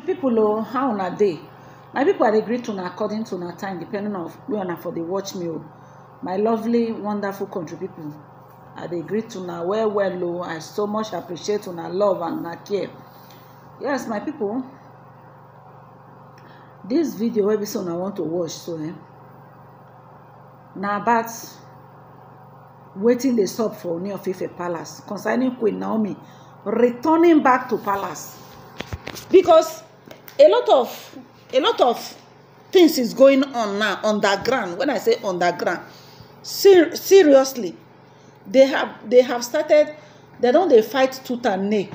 people o how a day, my people are agreed to una according to una time depending on where una for the watch me o oh. my lovely wonderful country people are agreed to una well well o oh. i so much appreciate una love and na care yes my people this video episode I want to watch so eh Now, about waiting the stop for near of Ife palace concerning Queen Naomi returning back to palace because a lot of a lot of things is going on now underground when i say underground ser seriously they have they have started they don dey fight tooth and nail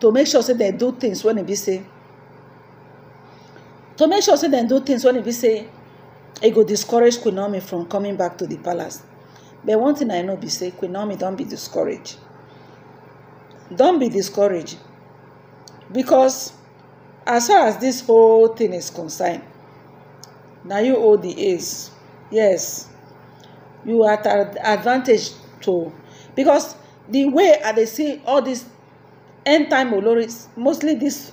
to make sure say they do things when e be say to make sure say they do things when e be say e go discourage queen naomi from coming back to the palace but one thing i know be say queen naomi don be discouraged don be discouraged because as far as this whole thing is concerned now you hold the ace yes you are at advantage to because the way i they see all this, end time oloris mostly this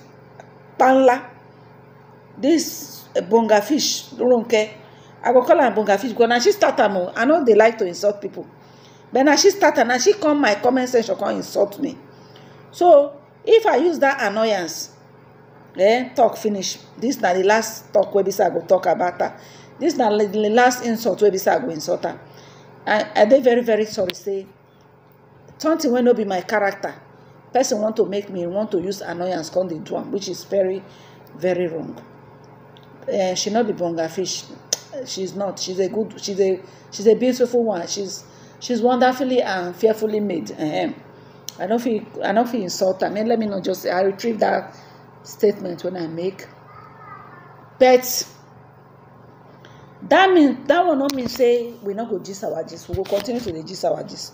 panla this bonga fish runke. i go call am bonga fish because na she start am oh. i know they like to insult people but na she start am she come my comment section come insult me so if i use that annoyance eh talk finish This na di last talk wey bisa go talk about her This na di last insult wey bisa go insult her i I dey very very sorry say something wey no be my character person want to make me want to use annoyance come dey do am which is very very wrong uh, she no be bonga fish she's not she's a good she's a she's a beautiful one she's she's wonderfully and fearfully made uh -huh. i no fit i no fit insult her I mean, let me not just say i retrieve that statement when i make but that mean that one not mean say we not go gist our gist we go continue to dey gist our gist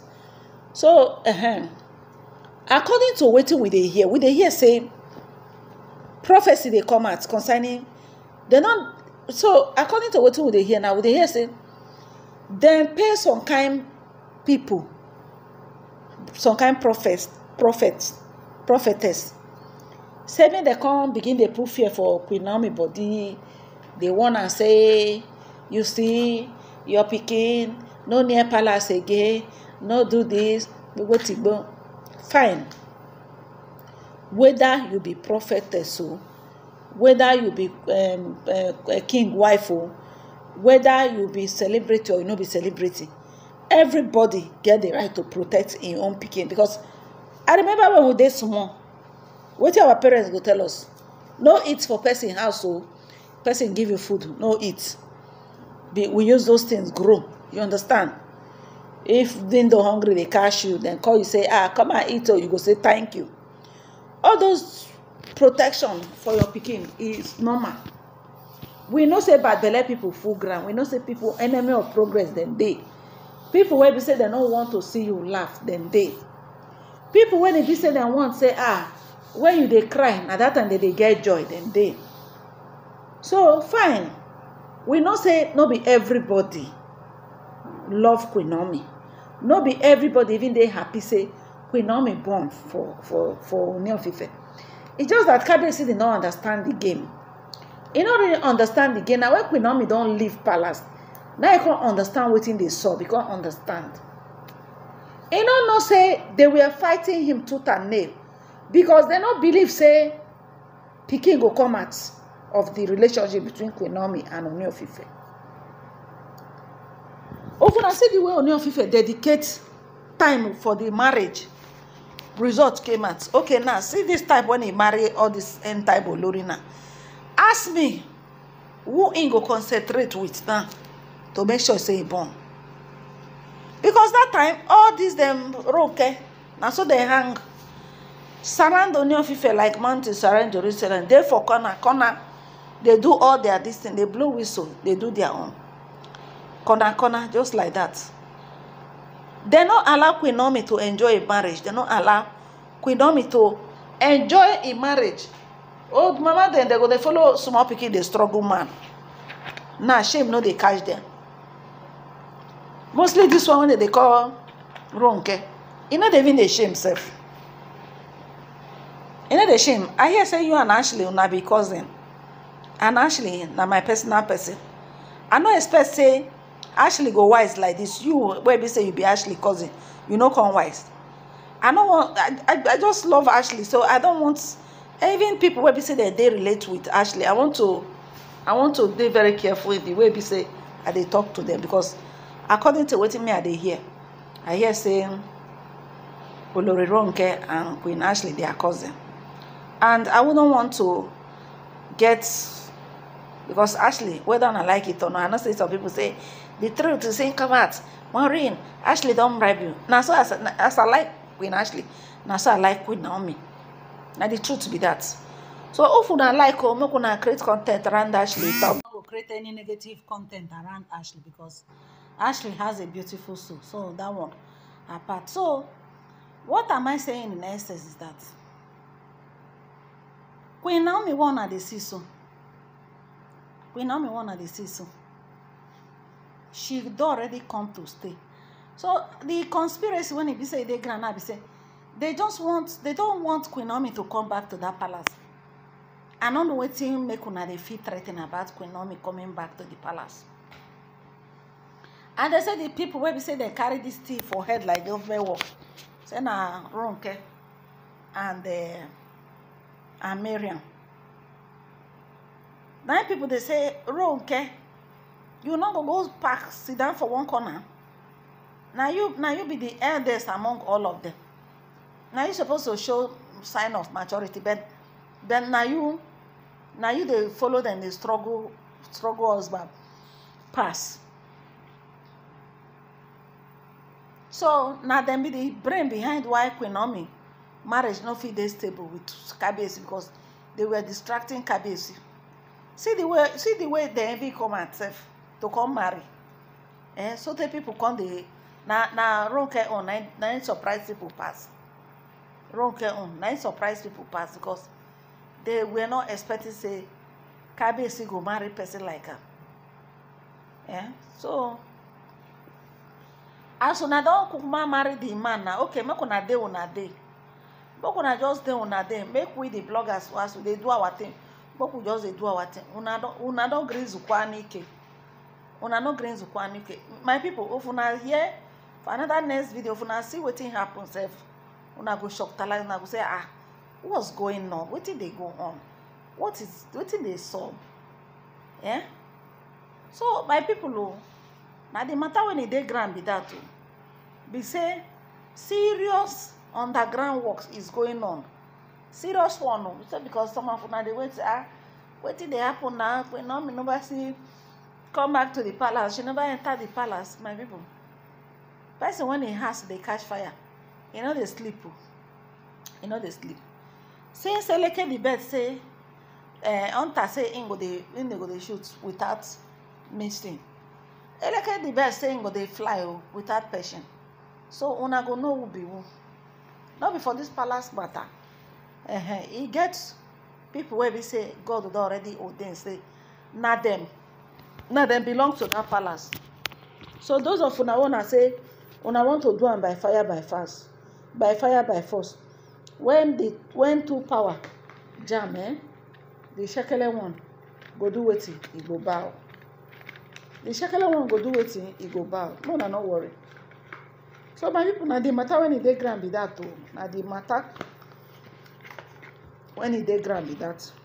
so uh -huh. according to wetin we they hear we they hear say prophecy they come out concerning they not. so according to wetin we they hear now we they hear say then pay some kind people some kind prophets prophets prophetess say make dem come begin dey put fear for queen naomi body dey warn am say you see your pikin no near palace again no do this gbogbo tigbo fine whether you be prophetess o whether you be um, uh, king wife o whether you be celebrity or you no be celebrity everybody get the right to protect im own pikin because i remember when we dey small wetin our parents go tell us no eat for person house o oh. person give you food no eat we use those things grow you understand if dem don hungry dey catch you dem call you say ah come and eat o oh. you go say thank you all those protection for your pikin is normal we know say bad belle people full ground we know say people enemy of progress dem dey people wey be say dem no want to see you laugh dem dey people wey dey be say dem want say ah when you dey cry na that time dem dey get joy dem dey so fine we know say no be everybody love queen naomi no be everybody even dey happy say queen born for for for ooni of ife e just that kabiyesi dey no understand the game e no really understand the game na when queen naomi don leave palace na e come understand wetin dey sup e come understand e no know say they were fighting him tooth and nail because they no believe say pikin go come out of the relationship between queen and oni of ife see the way oni dedicate time for the marriage result came out okay now see this type when he marry all this end type olori now ask me who im go concentrate with now to make sure say he born because that time all dis dem roke eh, na so dem hang surround onion fife like mountain surround jerusalem They for corner corner they do all their this thing dey blow whistle They do their own corner corner just like that They no allow queen naomi to enjoy im marriage They no allow queen naomi to enjoy a marriage old mama dem dey go they follow small pikin dey struggle man Nah shame no dey catch dem mostly this one wey they call ronke e no dey even they shame self e no dey shame i hear say you and ashley una be cousin and ashley na my personal person i no expect say ashley go wise like this you wey be say you be ashley cousin you no come wise i no want i i I just love ashley so i don want even people wey be say dem dey relate with ashley i want to i want to dey very careful with the way be say i dey talk to them because according to wetin me i dey hear i hear say olori ronke and queen ashley dey cousin and i wouldn't want to get because ashley whether i like it or not i know some people say the truth is in out, maureen ashley don't bribe you Now, so as, as i like queen ashley now so i like queen naomi Now the truth be that so if una like or make una create content around ashley talk. i no create any negative content around ashley because ashley has a beautiful soul so that one apart so what am i saying in essence is that queen naomi won una dey see so queen naomi won una dey see so she don already come to stay so the conspiracy when e be say e dey ground now be say they just want they don want queen naomi to come back to that palace i no know wetin make una dey feel threa ten about queen naomi coming back to the palace and they say the people wey be say they carry this thing for head like government work say na ronke and uh, and Miriam. Nine people they say, Ronke, you not go go park sit down for one corner. Now you now you be the eldest among all of them. Now you supposed to show sign of maturity, but then now you now you they follow them they struggle struggle husband pass. So now them be the brain behind why Queen Naomi marriage no fit dey stable with kabiyesi because they were distracting kabiyesi see the way see the way dem envy come out sef to come marry eh so tey people come dey na na ronke own na na im surprise people pass ronke own na im surprise people pass because they were not expecting say kabiyesi go marry person like am eh so as una don kukuma marry the man na okay make una dey una dey make una just dey una dey make we the bloggers as we dey do our thing make we just dey do our thing una don una don gree zukwa anike una no gree zukwa anike my people if una hear for another next video if una see wetin happen sef una go shock tala una go say ah what's going on wetin dey go on what is wetin dey sup Yeah. so my people o oh, na the matter wey e dey ground be that o oh. be say serious underground works is going on serious one o oh. so because some of una dey wait ah wetin dey happen na pe naomi never see come back to the palace she never enter the palace my people person when im house dey catch fire e no dey sleep o e no dey sleep since eleke the bird say uh, hunter say im go dey im go dey shoot without missing eleke the bird say im go dey fly o oh, without passion so una go know who be who not be for dis palace matter uh-huh. e get pipo wey be say god don already ordain say na dem na dem belong to dat palace so those of una wanna say una want to do am by fire by fast by fire by force when the when two power jam eh the shekele one go do wetin e go bow the shekele one go do wetin e go bow no na no worry so my people na the matter when e dey ground be that too. Oh. na the matter when e dey ground be that.